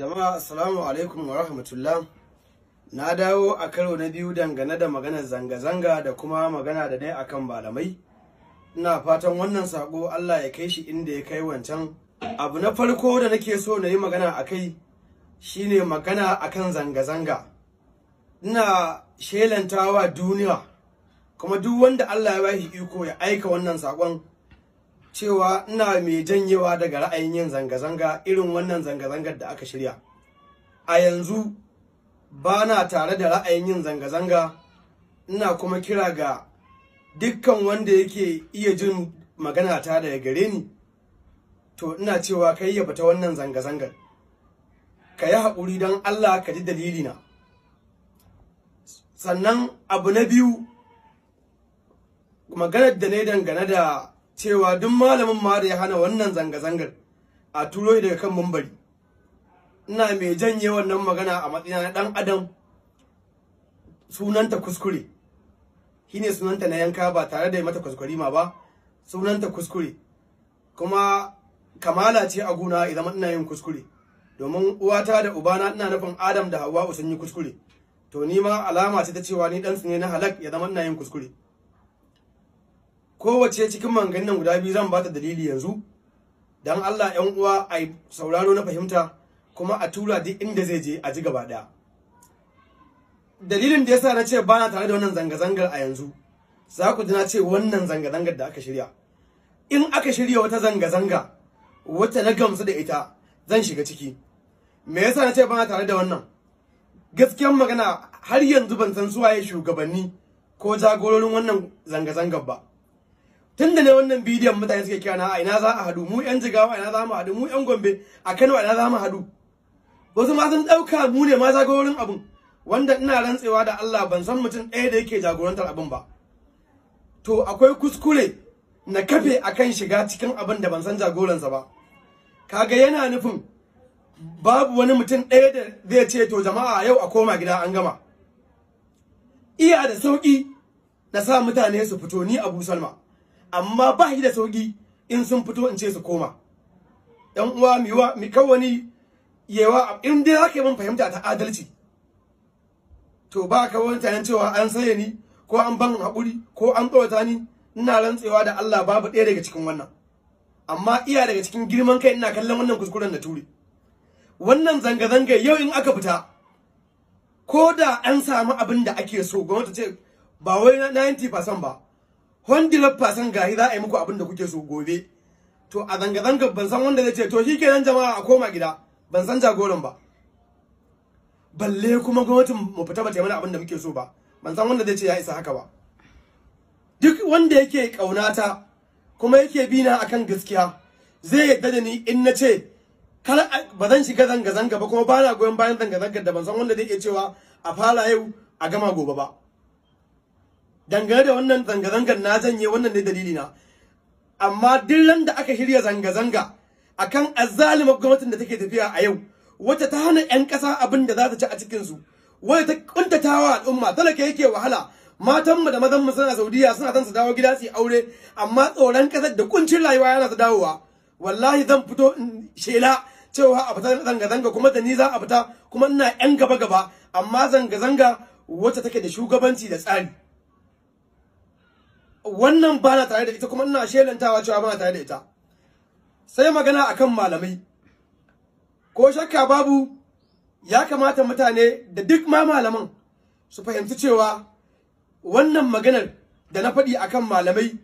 jama'a assalamu alaikum wa rahmatullah na dawo a karo na biyu dangane da maganar zanga-zanga da kuma magana da dai akan malamai ina fatan wannan sako Allah ya kai shi inda ya kai wancan abu na farko da nake so na yi magana a kai shine magana akan zanga-zanga ina shelantawa duniya kuma duk wanda Allah ya bashi iko ya aika wannan sakon cewa ina mai janyewa daga ra'ayin yin zanga-zanga irin wannan zanga-zangar da aka shirya a yanzu ba na tare da ra'ayin yin zanga-zanga ina kuma kira ga dukkan wanda yake iya jin magana ta da gare ni to ina cewa kai ya ta wannan zanga-zangar ka yi haƙuri don Allah ka ji dalili na. sannan abu na biyu maganar da ne dangane da cewa duk malamin ma da ya hana wannan zanga-zangar a turo daga kan mambari ina mai janye wannan magana a matsayi na dan adam sunanta kuskure shine sunanta na yanka ba tare da mata kuskure ma ba sunanta kuskure kuma kamala ce a guna idan ina yin kuskure domin uwata da ubana ina nufin Adam da Hauwa sun yi kuskure to ni ma alama ce ta cewa ni ɗansu su ne na halak ya zama ina yin kuskure kowace cikin manganin guda biyu zan bata dalili yanzu dan Allah ƴan uwa a sauraro na fahimta kuma a tura duk inda zai je a ji gaba daya dalilin da yasa na ce ba na tare da wannan zanga-zangar a yanzu za ku ji na ce wannan zanga-zangar da aka shirya in aka shirya wata zanga-zanga wata na gamsu da ita zan shiga ciki me yasa na ce ba na tare da wannan gaskiyar magana har yanzu ban san suwaye shugabanni ko jagororin wannan zanga-zangar ba tun da ne wannan bidiyon mutane suke kira na a ina za a hadu mu yan jigawa ina za mu hadu mu yan gombe a kano ina za mu hadu wasu ma sun ɗauka mu ne ma zagorin abin wanda ina rantsewa da Allah ban san mutum ɗaya da yake jagorantar abin ba to akwai kuskure na kafe akan shiga cikin abin da ban san jagoransa ba kaga yana nufin babu wani mutum ɗaya da zai ce to jama'a yau a koma gida an gama iya da sauki na sa mutane su fito ni Abu Salma amma ba shi da sauki in sun fito in ce su koma yan uwa miwa mi kawani yewa in dai min mun fahimta ta adalci to ba ka wani cewa an sanya ni ko an ban haƙuri ko an tsorata ni ina rantsewa da Allah babu ɗaya daga cikin wannan amma iya daga cikin girman kai ina kallon wannan kuskuren da ture wannan zanga-zanga yau in aka fita ko da an samu abin da ake so gwamnati ce ba wai 90% ba 100% gahi za a yi muku abin da kuke so gobe to a zanga-zangar ban san wanda zai ce to shi kenan jama'a a koma gida ban san jagoran ba balle kuma gwamnatin mu fita ba ta mana abin da muke so ba ban san wanda zai ce ya isa haka ba duk wanda yake kaunata kuma yake bina akan gaskiya zai yadda da ni in na ce kala ba zan shiga zanga-zanga ba kuma ba na goyon bayan zanga-zangar da ban san wanda zai iya cewa a fara yau a gama gobe ba dangane da wannan zanga-zangar na janye wannan ne dalili na amma dillan da aka shirya zanga-zanga akan azzalimar gwamnatin da take tafiya a yau wacce ta hana 'yan ƙasa abin da za ta ci a cikinsu wacce ta ƙuntatawa al'umma talaka yake wahala matanmu da mu suna saudiya suna son su dawo gida su yi aure amma tsoron ƙasar da kuncin rayuwa yana su dawowa wallahi zan fito in shela cewa a fita zanga-zanga kuma da ni za a fita kuma ina 'yan gaba-gaba amma zanga-zanga wacce take da shugabanci da tsari wannan ba na tare da ita kuma ina shelantawa cewa ba na tare da ita sai magana akan malamai ko shakka babu ya kamata mutane da duk ma malaman su fahimci cewa wannan maganar da na faɗi akan malamai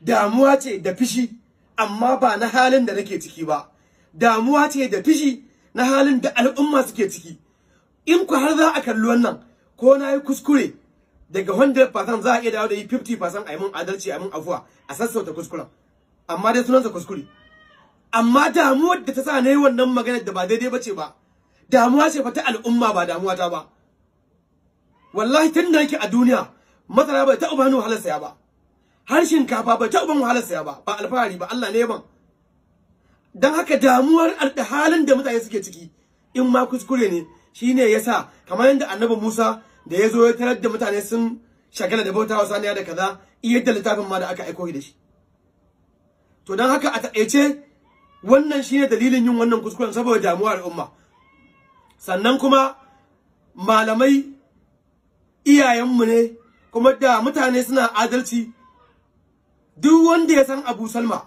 damuwa ce da fishi amma ba na halin da nake ciki ba damuwa ce da fishi na halin da al'umma suke ciki in ku har za a kalli wannan ko na yi kuskure daga 100% za a iya dawo da yi 50% a yi mun adalci a yi mun afuwa a sassauta kuskuren amma dai sunansa kuskure amma damuwar da ta sa na yi wannan magana da ba daidai ba ce ba damuwa ce fa ta al'umma ba damuwa ta ba wallahi tun da yake a duniya masara bai taɓa bani wahalar saya ba har shinkafa bai taɓa bani wahalar saya ba ba alfahari ba Allah ne ban dan haka damuwar halin da mutane suke ciki in ma kuskure ne shine yasa kamar yadda annabi Musa da ya zo ya tarar da mutane sun shagala da bautawa saniya da kaza iya da littafin ma da aka aiko da shi to don haka a taƙaice wannan shine dalilin yin wannan kuskuren saboda damuwar umma. sannan kuma malamai iyayenmu ne kuma da mutane suna adalci duk wanda ya san Abu Salma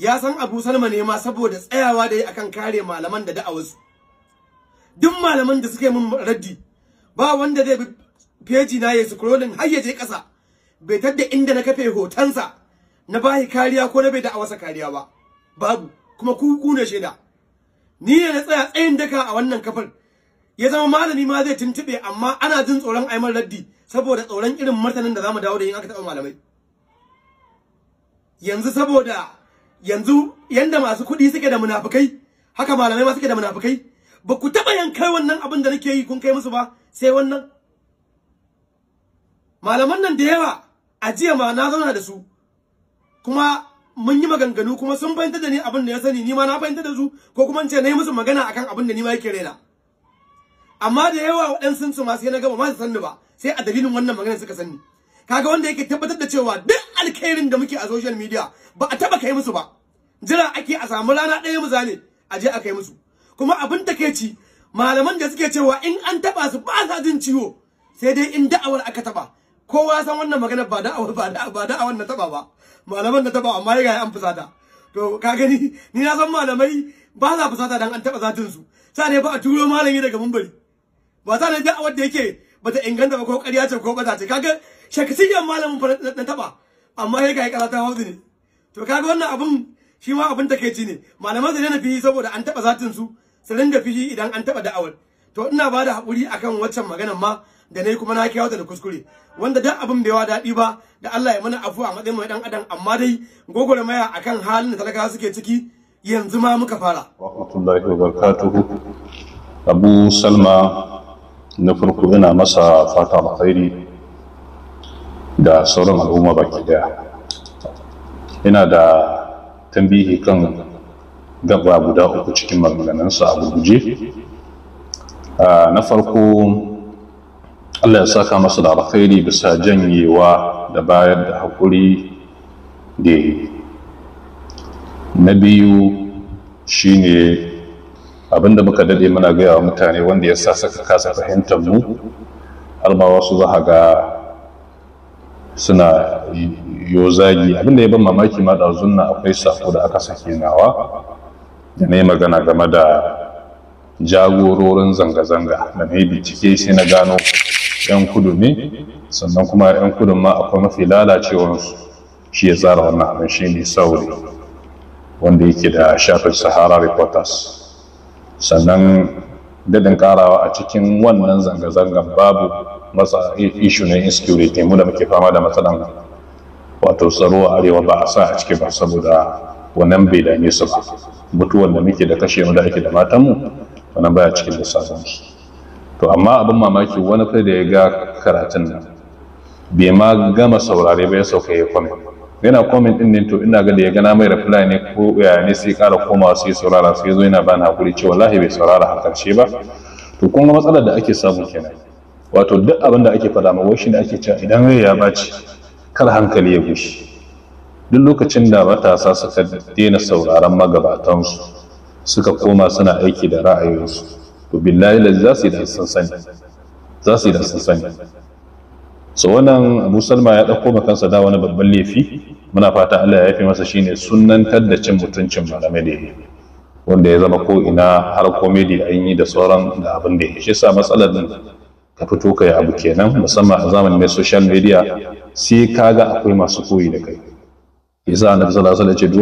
ya san Abu Salma ne ma saboda tsayawa da yi akan kare malaman da da'awarsu duk malaman da suke yi min raddi ba wanda zai bi feji na ya scrolling har ya je kasa bai tadda inda na kafe hotonsa na bai kariya ko na bai da awasa kariya ba babu kuma ku ku ne shaida ni ne na tsaya tsayin daka a wannan kafar ya zama malami ma zai tuntube amma ana jin tsoron aiman raddi saboda tsoron irin martanin da zamu dawo da yin aka taɓa malamai yanzu saboda yanzu yanda masu kuɗi suke da munafukai haka malamai ma suke da munafukai ba ku taɓa yankai wannan abin da nake yi kun kai musu ba sai wannan malaman nan da yawa a jiya ma na zauna da su kuma mun yi maganganu kuma sun fahimtar da ni abin da ya sani ni ma na fahimtar da su ko kuma ce na yi musu magana akan abin da ni ma yake raina amma da yawa waɗansu su ma sai na gaba ma su sanni ba sai a dalilin wannan magana suka sanni kaga wanda yake tabbatar da cewa duk alkhairin da muke a social media ba a taba kai musu ba jira ake a samu rana ɗaya mu zane a je a kai musu kuma abin ci. malaman da suke cewa in an taba su ba sa jin ciwo sai dai in da'awar aka taba kowa san wannan magana ba da'awar ba da'a ba da'awar na taba ba malaman na taba amma ya an fusata to ka gani ni na san malamai ba za fusata dan an taba zatin su sai ne ba a turo malami daga mumbari ba za ne da'awar da yake bata inganta ba ko ƙarya ce ko bata ce kaga shakasiyan malamin na taba amma sai ga karatun hausa ne to kaga wannan abun shi ma abun takeici ne malaman su ne na fi saboda an taba zatin su su da fihi idan an taba da'awar to ina ba da haƙuri akan waccan maganar ma da nayi kuma na kawo da kuskure wanda duk abin bai wa daɗi ba da Allah ya mana afu a matsayin mai dan adam amma dai gogore maya akan halin da talaka suke ciki yanzu ma muka fara rahmatullahi wabarakatuhu Abu Salma na farko ina masa fata alkhairi da sauran al'umma baki daya ina da tambihi kan gaba guda uku cikin maganganunsu a gurguje na farko allah ya saka masa da alkhairi bisa janyewa da bayar da haƙuri da na biyu shine abinda muka daɗe muna gaya wa mutane wanda ya sa saka kasa fahimtar mu har ma wasu za ga suna yo zagi abinda ya ban mamaki ma da zunna akwai sako da aka sake nawa ne magana game da jagororin zanga-zanga da na bincike sai na gano 'yan kudu ne sannan kuma 'yan kudu ma akwai mafi lalacewarsu shi ya tsara wannan abin shi ne sauri wanda yake da shafin sahara reporters sannan dadin ƙarawa a cikin wannan zanga-zangan babu matsa ishu na insecurity mu da muke fama da matsalan wato tsaro a arewa ba a sa a ciki ba saboda wannan bai dame su ba mutuwan da muke da kashe mu da ake da matan mu wannan baya cikin lissafin su to amma abin mamaki wani kai da ya ga karatun nan bai ma gama saurare ba ya sauka ya comment yana komai din ne to ina ga da ya gana mai reply ne ko ya ne sai kara komawa sai saurara sai zo yana bani hakuri cewa wallahi bai saurara har karshe ba to kun ga matsalar da ake samu kenan wato duk abin da ake faɗa ma wai shi ne ake cewa idan rai ya baci kar hankali ya gushi duk lokacin da matasa suka daina sauraron magabatansu suka koma suna aiki da ra'ayoyinsu to billahi lazi za su yi da sun sani za su yi da sun sani so wannan abu salma ya ɗauko ma kansa da wani babban laifi muna fata allah ya yafe masa shine sunantar da cin mutuncin malamai da wanda ya zama ko ina har komedi an yi da sauran da abin da ya shi sa matsalar nan ka fito kai abu kenan musamman a zamanin mai social media sai kaga akwai masu koyi da kai yasa annabi sallallahu alaihi wasallam ya ce duk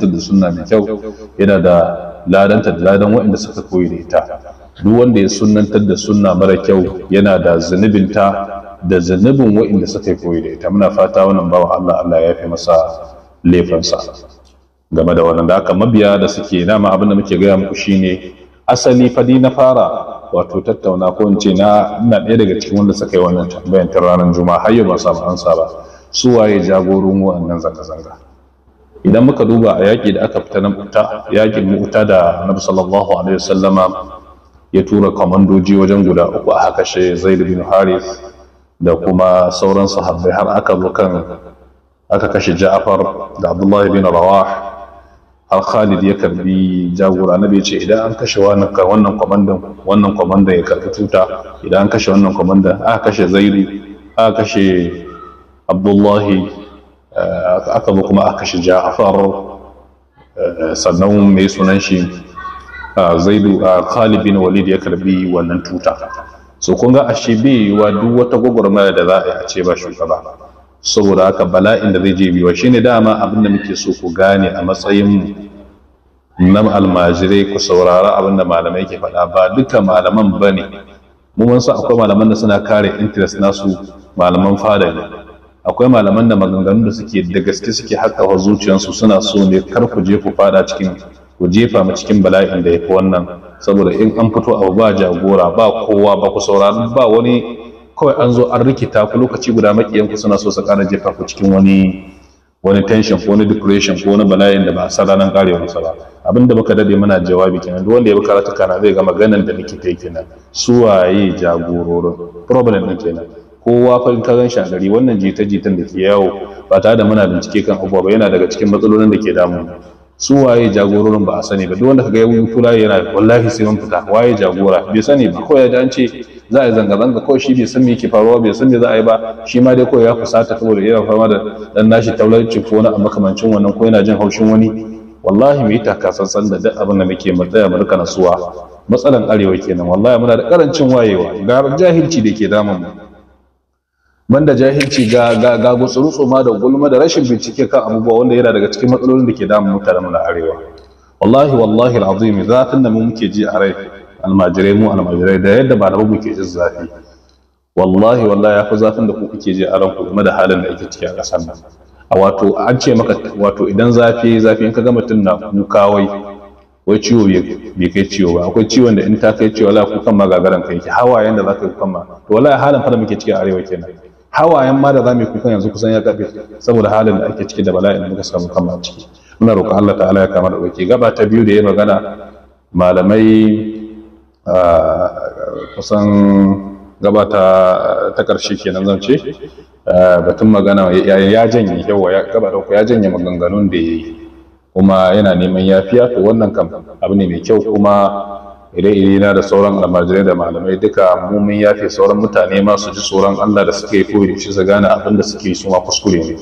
wanda ya sunnanta da sunna mai kyau yana da ladanta da ladan waɗanda suka koyi da ita duk wanda ya sunnantar da sunna mara kyau yana da zunubinta da zunubin waɗanda suka koyi da ita muna fata wannan bawa Allah Allah ya fi masa laifinsa game da wannan da aka mabiya da suke dama abin da muke gaya muku shine asali fadi na fara wato tattauna ko in na ina ɗaya daga cikin wanda suka yi wannan tambayar ta ranar juma'a har yau ba samu ansa ba su waye jagororin wannan zanga-zanga idan muka duba a yaƙi da aka fita na mu'ta yaƙin mu'ta da nabi sallallahu alaihi wasallama ya tura kwamandoji wajen guda uku a haka shi zaid bin harith da kuma sauran sahabbai har aka zo kan aka kashe ja'far da abdullahi bin rawah har khalid ya karbi jagora na bai ce idan an kashe wannan kwamandan wannan kwamandan ya karbi tuta idan an kashe wannan kwamandan aka kashe zaidu aka kashe abdullahi Eh, aka zo kuma aka shi ja'afar eh, sannan mai sunan shi ah, zaidu a ah, bin walid ya karbi wannan tuta so kun ga ashe bai wa duk wata gwagwarmaya da za a yi a ce ba shugaba saboda haka bala'in da zai je biwa shine dama abin da muke so ku gane a matsayin mu na almajirai ku saurara abin da malamai ke faɗa ba duka malaman bane mu mun sa akwai malaman da suna kare interest nasu malaman fada ne akwai malaman da maganganun da suke da gaske suke wa zuciyarsu suna so ne kar ku je ku fada cikin ku jefa mu cikin bala'in da ya fi wannan saboda in an fito abu ba jagora ba kowa ba ku saurari ba wani kawai an zo an rikita ku lokaci guda makiyanku suna so su ƙara jefa ku cikin wani wani tension ko wani depression ko wani bala'in da ba a san ranar karewar sa ba abinda muka dade muna jawabi kenan duk wanda ya bi karatu kana zai ga maganar da nake kai kenan su waye jagororin problem din kenan kowa farin karan shi a gari wannan jita-jitan da ke yawo ba tare da muna bincike kan abubuwa ba yana daga cikin matsalolin da ke damu su waye jagororin ba a sani ba duk wanda ya wuyu kula yana wallahi sai mun fita waye jagora bai sani ba kawai da an ce za a yi zanga-zanga kawai shi bai san me yake faruwa bai san me za a yi ba shi ma dai kawai ya fusata saboda yana fama da dan nashi taularci ko wani a makamancin wannan ko yana jin haushin wani wallahi mu yi takatsantsan da duk abin da muke mu tsaya mu rika nasuwa matsalan arewa kenan wallahi muna da karancin wayewa ga jahilci da ke damun mu banda jahilci ga ga ga gutsurtsuma da gulma da rashin bincike kan abubuwa wanda yana daga cikin matsalolin da ke damun mutanen na arewa wallahi wallahi alazim Zafin da mu muke ji a rai almajirai mu almajirai da yadda ba da ke jin zafi wallahi wallahi ya fi zafin da ku kuke ji a ranku game da halin da ake ciki a ƙasar nan a wato an ce maka wato idan zafi zafi in ka ga mutum na kuka wai wai ciwo bai kai ciwo ba akwai ciwon da in ta kai ciwo wala ku kan magagaran kai ki hawayen da ka yi kuma to wallahi halin fara muke ciki a arewa kenan hawayen ma da za mu yi kukan yanzu kusan ya gabe saboda halin da ake ciki da bala'in da muka samu kama ciki muna roƙon Allah ta'ala ya kama da ɗauki gaba ta biyu da ya magana malamai kusan gaba ta ƙarshe kenan zan ce batun magana ya janye yawa ya gaba da ya janye maganganun da ya yi kuma yana neman yafiya to wannan kam abu ne mai kyau kuma ire iri na da sauran almajirai da malamai duka mu mun yafe sauran mutane ma su ji tsoron Allah da suke koyi shi su gane abin da suke su ma kuskure ne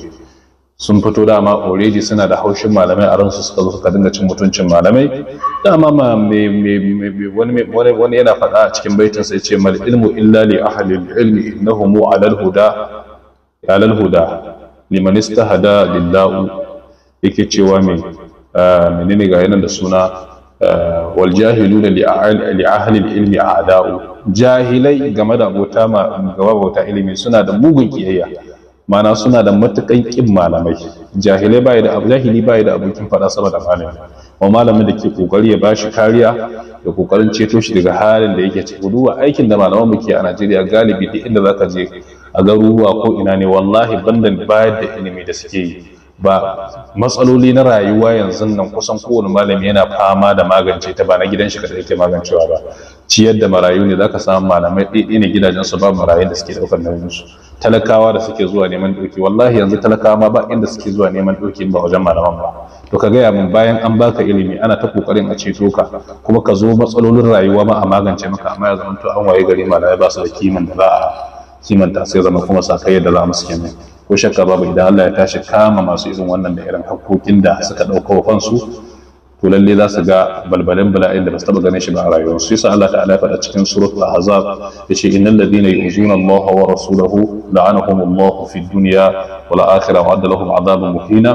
sun fito dama already suna da haushin malamai a ransu suka zo suka dinga cin mutuncin malamai dama ma wani wani yana faɗa a cikin baitin sai ce mal ilmu illa li ahli ilmi innahum alal huda alal huda liman istahada lillahu yake cewa me ah, menene ga yanan da suna wal jahiluna li ahli ilmi a'da'u jahilai game da abota ma bauta ilimi suna da mugun kiyayya mana suna da matukan kin malamai jahilai bai da jahili bai da abokin fada sama da malami wa malamin da ke kokari ya bashi kariya da kokarin ceto shi daga halin da yake cikin ruwa aikin da malaman muke a Najeriya galibi duk inda zaka je a garuruwa ko ina ne wallahi bandan bayar da ilimi da suke yi ba matsaloli na rayuwa yanzu nan kusan kowane malami yana fama da magance ta ba na gidan shi kadai yake magancewa ba ciyar da marayu ne zaka samu malamai ɗaiɗai ne gidajen su ba marayu da suke daukar nauyin su talakawa da suke zuwa neman doki wallahi yanzu talakawa ma ba inda suke zuwa neman ɗauki ba wajen malaman ba to ka gaya min bayan an baka ilimi ana ta kokarin a ceto ka kuma ka zo matsalolin rayuwa ma a magance maka amma ya zama to an waye gari malamai ba su da kiman da za a kimanta sai zama kuma sakayyar da za mu kenan ko shakka babu idan Allah ya tashi kama masu irin wannan da irin hakokin da suka ɗauka wa kansu to lalle za su ga balbalin bala'in da ba su taɓa ganin shi ba a rayuwar su yasa Allah ta'ala faɗa cikin suratul ahzab yace innal ladina yu'zuna Allah wa rasulahu la'anahum Allah fi dunya wal akhirah wa adda lahum adhaban muhina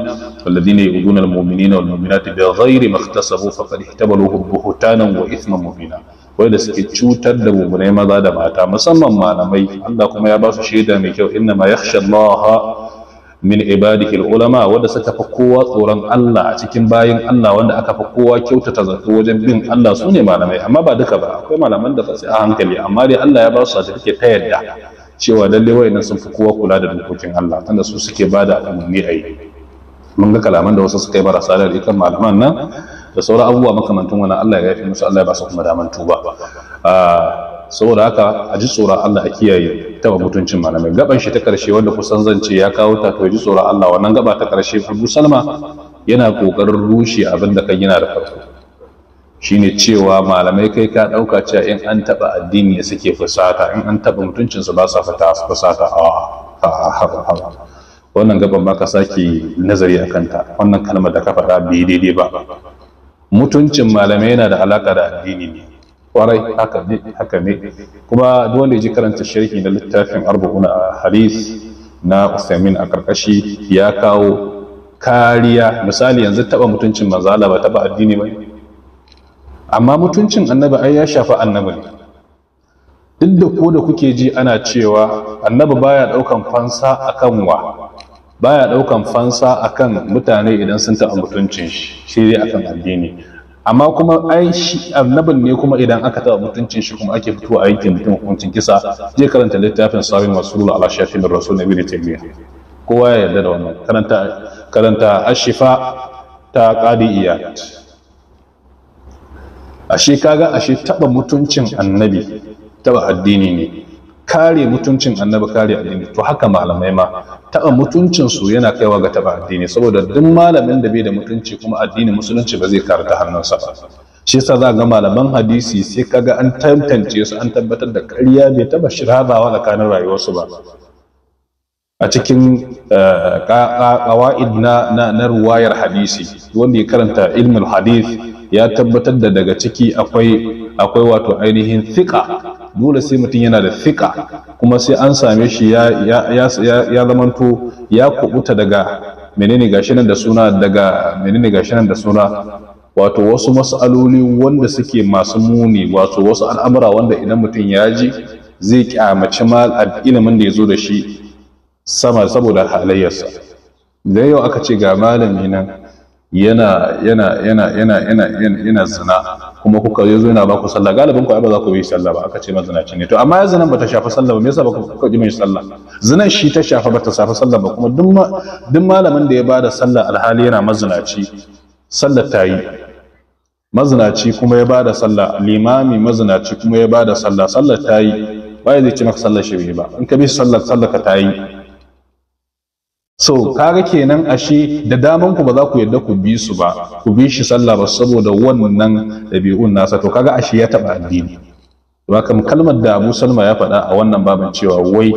wal ladina yu'zuna al mu'minina wal mu'minati bi ghairi ma iktasabu faqad ihtabalu buhtanan wa ithman mubina wanda suke cutar da mummunai maza da mata musamman malamai Allah kuma ya ba su shaida mai kyau inna ma yakhsha Allah min ibadihi ulama wanda suka fa kowa tsoron Allah a cikin bayin Allah wanda aka fa kowa kyautata zato wajen bin Allah sune malamai amma ba duka ba akwai malaman da sai a hankali amma dai Allah ya ba su certificate ta yadda cewa lalle wayannan sun fi kowa kula da dokokin Allah tunda su suke bada da a mun ga kalaman da wasu suka yi marasa da ikan malaman nan da sauran abubuwa makamantan wani Allah ya yafe musu Allah ya ba su kuma daman tuba ah, saboda haka a ji tsoron Allah a kiyaye taba mutuncin malamai gaban shi ta karshe wanda kusan zance ya kawo ta to ji tsoron Allah wannan gaba ta karshe Abu Salma yana kokarin rushe abin da kan yana da farko shine cewa malamai kai ka dauka cewa in an taba addini ya suke fusata in an taba mutuncin su ba sa fusata a wannan gaban ba ka sake nazari a kanta. wannan kalmar da ka faɗa bai daidai ba mutuncin malamai yana da alaka da addini ne kwarai haka ne kuma duk wanda ya ji karanta sharhi na littafin arba'una hadis na usamin a karkashi ya kawo kariya misali yanzu taba mutuncin manzo ba taba addini ba amma mutuncin annabi ai ya shafi annabi ne duk da ko da kuke ji ana cewa annabi baya ɗaukan fansa akan wa baya daukan fansa akan mutane idan sun taɓa mutuncin shi sai dai akan addini amma kuma ai shi annabin ne kuma idan aka taɓa mutuncin shi kuma ake fitowa a yanke mutum hukuncin kisa je karanta littafin sabin rasulullah ala shafin rasul nabi da tabiya kowa ya yarda da wannan karanta karanta ashifa ta qadi iya ashe kaga ashe taɓa mutuncin annabi taɓa addini ne kare mutuncin annabi kare addini to haka malamai ma taɓa mutuncinsu yana kaiwa ga taɓa addini saboda duk malamin da bai da mutunci kuma addini musulunci ba zai kare hannunsa ba shi yasa za ga malaman hadisi sai kaga an tantance su an tabbatar da ƙarya bai taɓa shirabawa tsakanin rayuwarsu ba a cikin ƙawa'id eh, na na ruwayar hadisi wanda ya karanta ilmul hadis ya tabbatar da daga ciki akwai akwai wato ainihin thiqa dole sai mutum yana da fiƙa kuma sai an same shi ya ya zamanto ya kubuta daga menene gashi nan da suna daga menene gashi nan da suna wato wasu mas'aloli wanda suke masu muni wato wasu al'amura wanda idan mutum ya ji zai kyamaci ma ilimin da ya zo da shi sama saboda halayyarsa da yau aka ce ga malami nan yana yana yana yana yana yana zina kuma kuka zo yana ba ku sallah galibin ku ba za ku yi sallah ba aka ce mazinaci ne to amma ya zinan bata shafi sallah ba me yasa ba ku ji mai sallah zinan shi ta shafa bata shafi sallah ba kuma duk malamin da ya bada sallah alhali yana mazinaci sallah ta yi mazinaci kuma ya bada sallah limami mazinaci kuma ya bada sallah sallah ta yi ba zai ce maka sallar shi ba in ka bi sallah sallah ka ta yi so kaga kenan ashe da daman ku ba za ku yadda ku bi su ba ku bi shi sallah ba saboda wannan dabi'un nasa to kaga ashe ya taba addini kam kalmar da Abu Salma ya faɗa a wannan baban cewa wai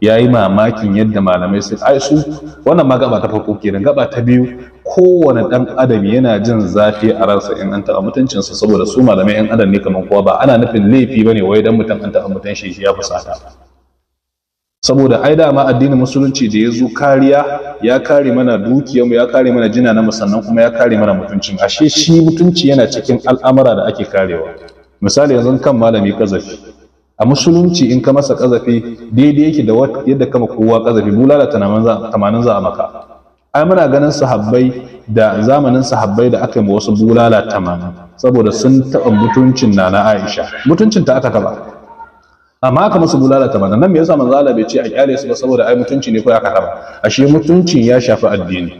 yayi mamakin yadda malamai sai ai su wannan ma gaba ta farko kenan gaba ta biyu kowane dan adam yana jin zafi a ransa in an taɓa mutuncinsa saboda su malamai yan adam ne kamar kowa ba ana nufin laifi bane wai dan mutum an taɓa mutunci shi ya fusata saboda ai dama addinin musulunci da ya zo kariya ya kare mana dukiyarmu ya kare mana jina na sannan kuma ya kare mana mutuncin ashe shi mutunci yana cikin al'amara da ake karewa misali yanzu kan malami kazafi a musulunci in ka masa kazafi daidai yake da yadda kama kowa kazafi bulala tamanin za a maka ai muna ganin sahabbai da zamanin sahabbai da aka yi wasu bulala tamanin saboda sun taɓa mutuncin nana aisha Mutuncinta aka taɓa amma aka musu bulala ta bana nan me yasa manzo Allah bai ce a kyale su ba saboda ai mutunci ne ko ya karaba ashe mutunci ya shafi addini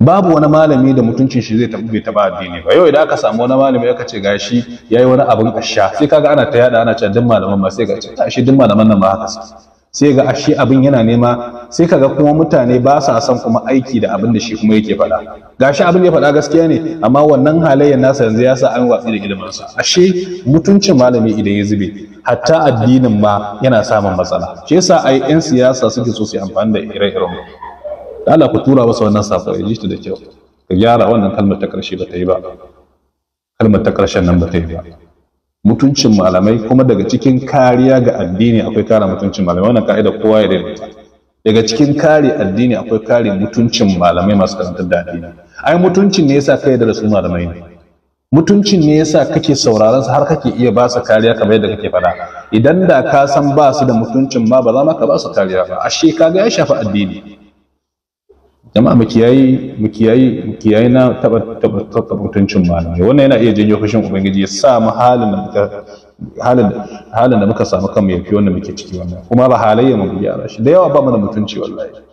babu wani malami da mutuncin shi zai tafi bai taba addini ba yau idan aka samu wani malami aka ce gashi yayi wani abin asha sai kaga ana ta yada ana cewa duk malaman ma sai ga ce ashe duk malaman nan ba haka sai ga ashe abin yana nema sai kaga kuma mutane ba sa son kuma aiki da abin da shi kuma yake faɗa gashi abin da ya faɗa gaskiya ne amma wannan halayyar nasa yanzu ya sa an watsi da sa ashe mutuncin malami idan ya zube hatta addinin ma yana samun matsala shi yasa ai yan siyasa suke so su amfani da ire-iren Allah ku tura masa wannan safa ya ji ta da kyau ka gyara wannan kalmar ta karshe ba ta yi ba kalmar ta karshen nan ba ta yi ba mutuncin malamai kuma daga cikin kariya ga addini akwai kare mutuncin malamai wannan ka'ida kowa ya daina. daga cikin kare addini akwai kare mutuncin malamai masu karantar da addini ai mutuncin ne yasa kai da rasu malamai ne mutuncin ne yasa kake sauraron su har kake iya ba su kariya kamar yadda kake faɗa idan da ka san ba su da mutuncin ma ba za ma ka ba su kariya ba ashe kaga ya shafi addini jama'a kiyaye mu kiyaye na taba taba mutuncin malamai wannan yana iya janyo fushin ubangiji ya sa mu halin da muka halin halin da muka samu kanmu yafi wanda muke ciki wannan kuma ba halayya mu gyara shi da yawa ba mu da mutunci wallahi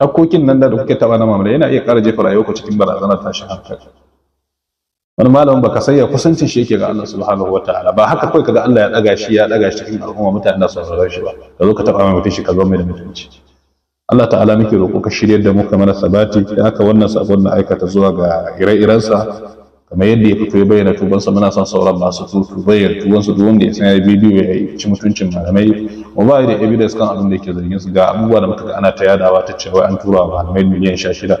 Hakokin nan da kuke taba na mamala yana iya ƙara jefa rayuwarku cikin barazana tashin hankali wani malamin baka sai ya kusancin shi yake ga Allah subhanahu wataala ba haka kawai kaga Allah ya daga shi ya daga shi cikin al'umma mutane na sauraron shi ba ka zo ka taba mai mutunci ka zo mai da mutunci Allah ta'ala muke roƙo ka shiryar da mu kamar sabati da haka wannan sabon na aikata zuwa ga ire-irensa kamar yadda ya fito ya bayyana tubansa muna son sauran masu tutu bayyana tubansu duk wanda ya san ya bidiyo ya ci mutuncin malamai mu ba da evidence kan abin da yake zargin su ga abubuwa da muka ana ta yadawa ta cewa an tura wa malamai miliyan sha shida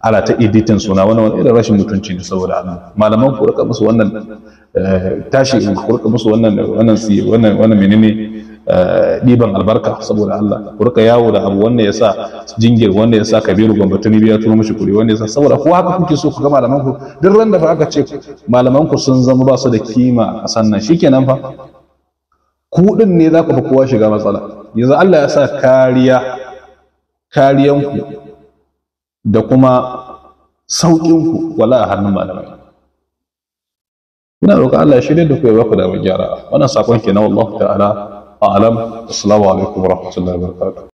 ana ta editing suna wani wani irin rashin mutunci ne saboda Allah malaman ku rika musu wannan eh, tashi ku rika musu wannan wannan wannan menene Eh, ɗiban albarka saboda Allah ku rika yawo da abu wanda ya sa jingir wanda ya sa kabiru gwamnatuni biya turo mishi kuri wanda ya sa saboda ko haka kuke so ku ga malaman ku duk ran fa aka ce malaman ku sun zama ba su da kima a ƙasan nan shikenan fa ku din ne za ku fa kowa shiga matsala yanzu Allah ya sa kariya kariyan ku da kuma sauƙin ku wala a hannun malamai ina roƙa Allah ya shirya da ku ya ba ku da gyara wannan sakon kenan wallahi ta'ala اعلم السلام عليكم ورحمه الله وبركاته